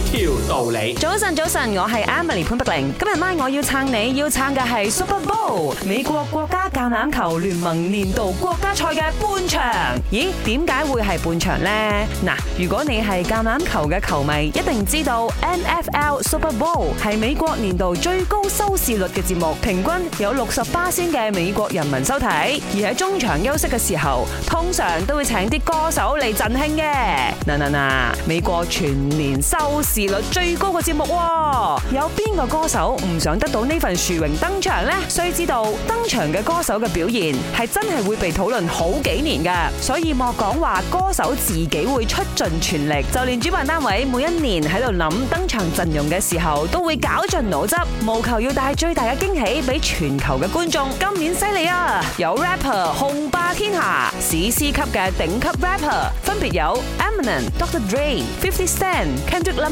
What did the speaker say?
條道理。早晨，早晨，我係 Emily 潘柏靈。今日晚我要撐你，要撐嘅係 Super Bowl 美國國家橄欖球聯盟年度國家賽嘅半場。咦，點解會係半場呢？嗱，如果你係橄欖球嘅球迷，一定知道 NFL Super Bowl 係美國年度最高收視率嘅節目，平均有六十八千嘅美國人民收睇。而喺中場休息嘅時候，通常都會請啲歌手嚟振興嘅。嗱嗱嗱，美國全年收視率最高嘅節目，有邊個歌手唔想得到呢份殊榮登場呢？需知道登場嘅歌手嘅表現係真係會被討論好幾年噶，所以莫講話歌手自己會出盡全力，就連主辦單位每一年喺度諗登場陣容嘅時候，都會絞盡腦汁，務求要帶最大嘅驚喜俾全球嘅觀眾。今年犀利啊，有 rapper 雄霸天下，史詩級嘅頂級 rapper，分別有 Eminem、Dr. Dre Fifty Cent、Kendrick。